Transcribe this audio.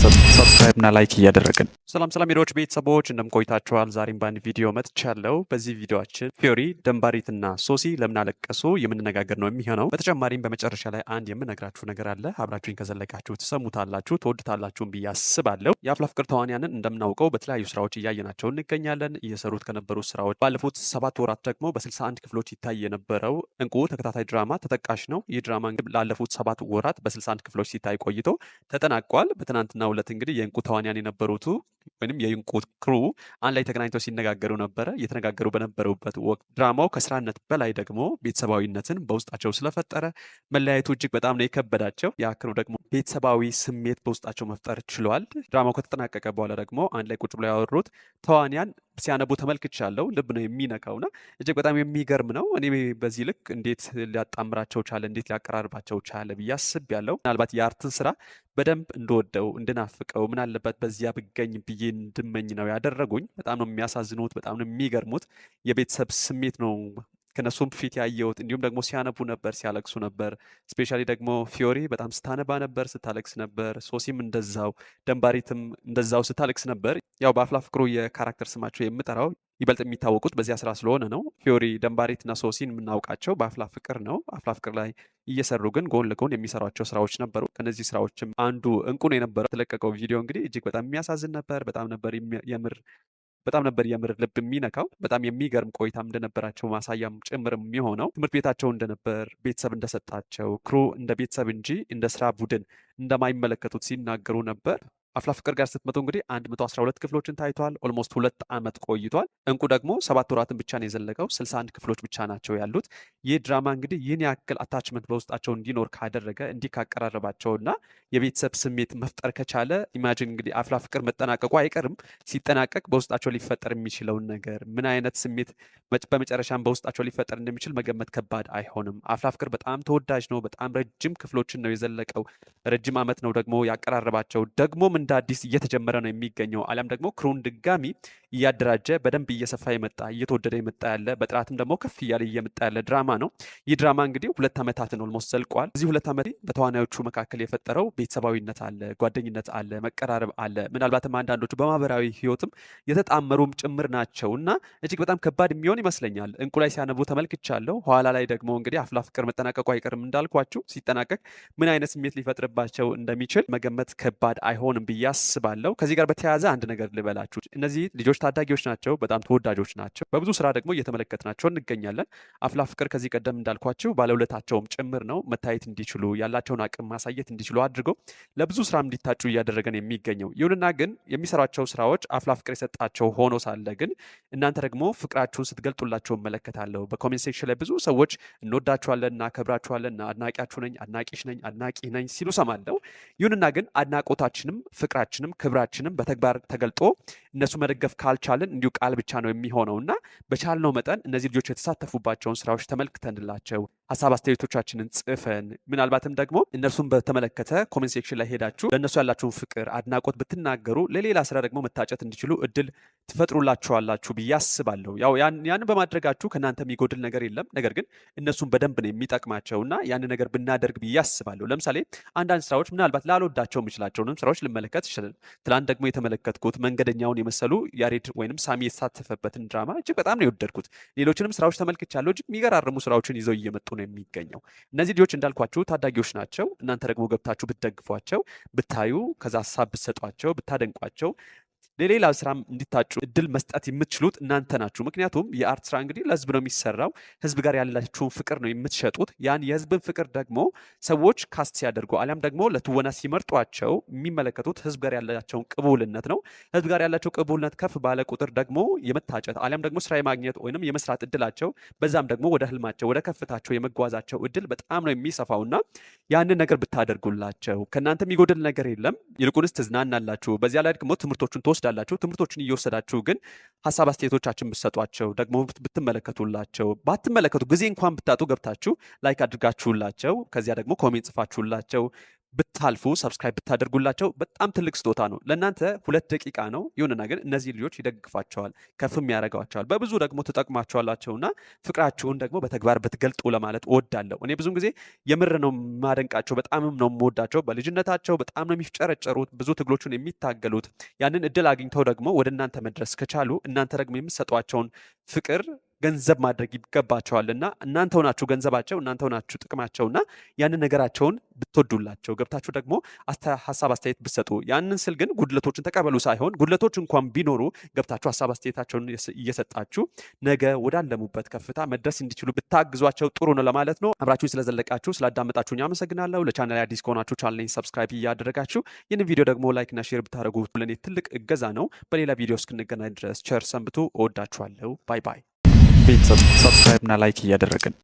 ሰብስክራይብ እና ላይክ እያደረግን ሰላም ሰላም ሄዶች ቤተሰቦች እንደምቆይታችኋል። ዛሬም በአንድ ቪዲዮ መጥቻለሁ። በዚህ ቪዲዮችን ፊዮሪ ደንባሪትና ሶሲ ለምን አለቀሱ የምንነጋገር ነው የሚሆነው። በተጨማሪም በመጨረሻ ላይ አንድ የምነግራችሁ ነገር አለ። አብራችሁኝ ከዘለቃችሁ ትሰሙታላችሁ፣ ትወድታላችሁን ብዬ አስባለሁ። የአፍላ ፍቅር ተዋንያንን እንደምናውቀው በተለያዩ ስራዎች እያየናቸው እንገኛለን። እየሰሩት ከነበሩ ስራዎች ባለፉት ሰባት ወራት ደግሞ በ61 ክፍሎች ይታይ የነበረው እንቁ ተከታታይ ድራማ ተጠቃሽ ነው። ይህ ድራማ ላለፉት ሰባት ወራት በ61 ክፍሎች ሲታይ ቆይቶ ተጠናቋል። በትናንትና በትናንትናው ዕለት እንግዲህ የእንቁ ተዋንያን የነበሩቱ ወይም የእንቁ ክሩ አንድ ላይ ተገናኝተው ሲነጋገሩ ነበረ። እየተነጋገሩ በነበሩበት ወቅት ድራማው ከስራነት በላይ ደግሞ ቤተሰባዊነትን በውስጣቸው ስለፈጠረ መለያየቱ እጅግ በጣም ነው የከበዳቸው። ያ ክሩ ደግሞ ቤተሰባዊ ስሜት በውስጣቸው መፍጠር ችሏል። ድራማው ከተጠናቀቀ በኋላ ደግሞ አንድ ላይ ቁጭ ብሎ ያወሩት ተዋንያን ሲያነቡ ተመልክቻለሁ። ልብ ነው የሚነካውና እጅግ በጣም የሚገርም ነው። እኔ በዚህ ልክ እንዴት ሊያጣምራቸው ቻለ፣ እንዴት ሊያቀራርባቸው ቻለ ብዬ ያለው ምናልባት የአርትን ስራ በደንብ እንደወደው እንድናፍቀው ምን አለበት በዚያ ብገኝ ብዬ እንድመኝ ነው ያደረጉኝ። በጣም ነው የሚያሳዝኑት፣ በጣም ነው የሚገርሙት። የቤተሰብ ስሜት ነው ከነሱም ፊት ያየሁት እንዲሁም ደግሞ ሲያነቡ ነበር፣ ሲያለቅሱ ነበር። ስፔሻሊ ደግሞ ፊዮሪ በጣም ስታነባ ነበር፣ ስታለቅስ ነበር። ሶሲም እንደዛው፣ ደንባሪትም እንደዛው ስታለቅስ ነበር። ያው በአፍላ ፍቅሩ የካራክተር ስማቸው የምጠራው ይበልጥ የሚታወቁት በዚያ ስራ ስለሆነ ነው። ፊዮሪ፣ ደንባሪትና ሶሲን የምናውቃቸው በአፍላ ፍቅር ነው። አፍላ ፍቅር ላይ እየሰሩ ግን ጎን ለጎን የሚሰሯቸው ስራዎች ነበሩ። ከነዚህ ስራዎችም አንዱ እንቁ ነው የነበረው። የተለቀቀው ቪዲዮ እንግዲህ እጅግ በጣም የሚያሳዝን ነበር። በጣም ነበር የምር በጣም ነበር የምር ልብ የሚነካው። በጣም የሚገርም ቆይታም እንደነበራቸው ማሳያም ጭምር የሚሆነው ትምህርት ቤታቸው እንደነበር ቤተሰብ እንደሰጣቸው ክሩ እንደ ቤተሰብ እንጂ እንደ ስራ ቡድን እንደማይመለከቱት ሲናገሩ ነበር። አፍላ ፍቅር ጋር ስትመጡ እንግዲህ 112 ክፍሎችን ታይቷል። ኦልሞስት ሁለት ዓመት ቆይቷል። እንቁ ደግሞ ሰባት ወራትን ብቻ ነው የዘለቀው። 61 ክፍሎች ብቻ ናቸው ያሉት። ይህ ድራማ እንግዲህ ይህን ያክል አታችመንት በውስጣቸው እንዲኖር ካደረገ እንዲህ ካቀራረባቸውና የቤተሰብ ስሜት መፍጠር ከቻለ ኢማጂን እንግዲህ አፍላ ፍቅር መጠናቀቁ አይቀርም። ሲጠናቀቅ በውስጣቸው ሊፈጠር የሚችለውን ነገር ምን አይነት ስሜት በመጨረሻም በውስጣቸው ሊፈጠር እንደሚችል መገመት ከባድ አይሆንም። አፍላ ፍቅር በጣም ተወዳጅ ነው። በጣም ረጅም ክፍሎችን ነው የዘለቀው። ረጅም ዓመት ነው ደግሞ ያቀራረባቸው ደግሞ እንደ አዲስ እየተጀመረ ነው የሚገኘው። አሊያም ደግሞ ክሩን ድጋሚ እያደራጀ በደንብ እየሰፋ የመጣ እየተወደደ የመጣ ያለ በጥራትም ደግሞ ከፍ እያለ እየመጣ ያለ ድራማ ነው። ይህ ድራማ እንግዲህ ሁለት ዓመታትን ኦልሞስት ዘልቋል። እዚህ ሁለት ዓመት በተዋናዮቹ መካከል የፈጠረው ቤተሰባዊነት አለ፣ ጓደኝነት አለ፣ መቀራረብ አለ። ምናልባትም አንዳንዶቹ በማህበራዊ ህይወትም የተጣመሩም ጭምር ናቸው እና እጅግ በጣም ከባድ የሚሆን ይመስለኛል። እንቁላይ ሲያነቡ ተመልክቻለሁ። ኋላ ላይ ደግሞ እንግዲህ አፍላ ፍቅር መጠናቀቁ አይቀርም እንዳልኳችሁ ሲጠናቀቅ ምን አይነት ስሜት ሊፈጥርባቸው እንደሚችል መገመት ከባድ አይሆንም ብዬ አስባለሁ። ከዚህ ጋር በተያያዘ አንድ ነገር ልበላችሁ። እነዚህ ልጆች ታዳጊዎች ናቸው፣ በጣም ተወዳጆች ናቸው። በብዙ ስራ ደግሞ እየተመለከትናቸው እንገኛለን። አፍላ ፍቅር ከዚህ ቀደም እንዳልኳቸው ባለውለታቸውም ጭምር ነው። መታየት እንዲችሉ ያላቸውን አቅም ማሳየት እንዲችሉ አድርገው ለብዙ ስራ እንዲታጩ እያደረገን የሚገኘው ይሁንና ግን የሚሰራቸው ስራዎች አፍላ ፍቅር የሰጣቸው ሆኖ ሳለ ግን እናንተ ደግሞ ፍቅራችሁን ስትገልጡላቸው እመለከታለሁ። በኮሜንት ሴክሽን ላይ ብዙ ሰዎች እንወዳችኋለን፣ እናከብራችኋለን፣ አድናቂያችሁ ነኝ፣ አድናቂሽ ነኝ፣ አድናቂ ነኝ ሲሉ ሰማለው። ይሁንና ግን አድናቆታችንም ፍቅራችንም ክብራችንም በተግባር ተገልጦ እነሱ መደገፍ ካ ካልቻልን እንዲሁ ቃል ብቻ ነው የሚሆነው እና በቻልነው መጠን እነዚህ ልጆች የተሳተፉባቸውን ስራዎች ተመልክተንላቸው ሀሳብ አስተያየቶቻችንን ጽፈን ምናልባትም ደግሞ እነርሱን በተመለከተ ኮሜንት ሴክሽን ላይ ሄዳችሁ ለእነሱ ያላችሁን ፍቅር፣ አድናቆት ብትናገሩ ለሌላ ስራ ደግሞ መታጨት እንዲችሉ እድል ትፈጥሩላችኋላችሁ ብዬ አስባለሁ። ያው ያንን በማድረጋችሁ ከእናንተ የሚጎድል ነገር የለም። ነገር ግን እነሱን በደንብ ነው የሚጠቅማቸው እና ያን ነገር ብናደርግ ብዬ አስባለሁ። ለምሳሌ አንዳንድ ስራዎች ምናልባት ላልወዳቸው የምችላቸውንም ስራዎች ልመለከት ይችላል። ትላንት ደግሞ የተመለከትኩት መንገደኛውን የመሰሉ ያሬ ሬድ ወይም ሳሚ የተሳተፈበትን ድራማ እጅግ በጣም ነው የወደድኩት። ሌሎችንም ስራዎች ተመልክቻለሁ። እጅግ የሚገራርሙ ስራዎችን ይዘው እየመጡ ነው የሚገኘው። እነዚህ ልጆች እንዳልኳችሁ ታዳጊዎች ናቸው። እናንተ ደግሞ ገብታችሁ ብትደግፏቸው፣ ብታዩ፣ ከዛ ሀሳብ ብትሰጧቸው፣ ብታደንቋቸው ለሌላ ስራ እንዲታጩ እድል መስጠት የምትችሉት እናንተ ናችሁ። ምክንያቱም የአርት ስራ እንግዲህ ለህዝብ ነው የሚሰራው። ህዝብ ጋር ያላችሁን ፍቅር ነው የምትሸጡት። ያን የህዝብን ፍቅር ደግሞ ሰዎች ካስት ሲያደርጉ አሊያም ደግሞ ለትወና ሲመርጧቸው የሚመለከቱት ህዝብ ጋር ያላቸውን ቅቡልነት ነው። ህዝብ ጋር ያላቸው ቅቡልነት ከፍ ባለ ቁጥር ደግሞ የመታጨት አሊያም ደግሞ ስራ የማግኘት ወይም የመስራት እድላቸው በዛም ደግሞ ወደ ህልማቸው ወደ ከፍታቸው የመጓዛቸው እድል በጣም ነው የሚሰፋውና ያንን ነገር ብታደርጉላቸው ከእናንተ የሚጎድል ነገር የለም። ይልቁንስ ትዝናናላችሁ። በዚያ ላይ ደግሞ ትምህርቶቹን ተወስዳ ትወስዳላችሁ። ትምህርቶችን እየወሰዳችሁ ግን ሀሳብ አስተያየቶቻችን ብትሰጧቸው ደግሞ ብትመለከቱላቸው ባትመለከቱ ጊዜ እንኳን ብታጡ ገብታችሁ ላይክ አድርጋችሁላቸው ከዚያ ደግሞ ኮሜንት ጽፋችሁላቸው ብታልፉ ሰብስክራይብ ብታደርጉላቸው በጣም ትልቅ ስጦታ ነው። ለእናንተ ሁለት ደቂቃ ነው። ይሁንና ግን እነዚህ ልጆች ይደግፋቸዋል፣ ከፍም ያደርገዋቸዋል፣ በብዙ ደግሞ ትጠቅማቸዋላቸውና ፍቅራችሁን ደግሞ በተግባር ብትገልጡ ለማለት እወዳለሁ። እኔ ብዙን ጊዜ የምር ነው የማደንቃቸው፣ በጣምም ነው የምወዳቸው። በልጅነታቸው በጣም ነው የሚፍጨረጨሩት፣ ብዙ ትግሎቹን የሚታገሉት። ያንን እድል አግኝተው ደግሞ ወደ እናንተ መድረስ ከቻሉ እናንተ ደግሞ የምትሰጧቸውን ፍቅር ገንዘብ ማድረግ ይገባቸዋልና እናንተ ሆናችሁ ገንዘባቸው፣ እናንተ ሆናችሁ ጥቅማቸውና ያንን ነገራቸውን ብትወዱላቸው ገብታችሁ ደግሞ ሀሳብ አስተያየት ብትሰጡ፣ ያንን ስል ግን ጉድለቶችን ተቀበሉ ሳይሆን ጉድለቶች እንኳን ቢኖሩ ገብታችሁ ሀሳብ አስተያየታቸውን እየሰጣችሁ ነገ ወዳለሙበት ከፍታ መድረስ እንዲችሉ ብታግዟቸው ጥሩ ነው ለማለት ነው። አብራችሁን ስለዘለቃችሁ ስላዳመጣችሁ አመሰግናለሁ። ለቻናል አዲስ ከሆናችሁ ቻናሌን ሰብስክራይብ እያደረጋችሁ ይህን ቪዲዮ ደግሞ ላይክና ሼር ብታደረጉ ለእኔ ትልቅ እገዛ ነው። በሌላ ቪዲዮ እስክንገናኝ ድረስ ቸር ሰንብቱ። እወዳችኋለሁ። ባይ ባይ። ቤተሰብ ሰብስክራይብ ና ላይክ እያደረግን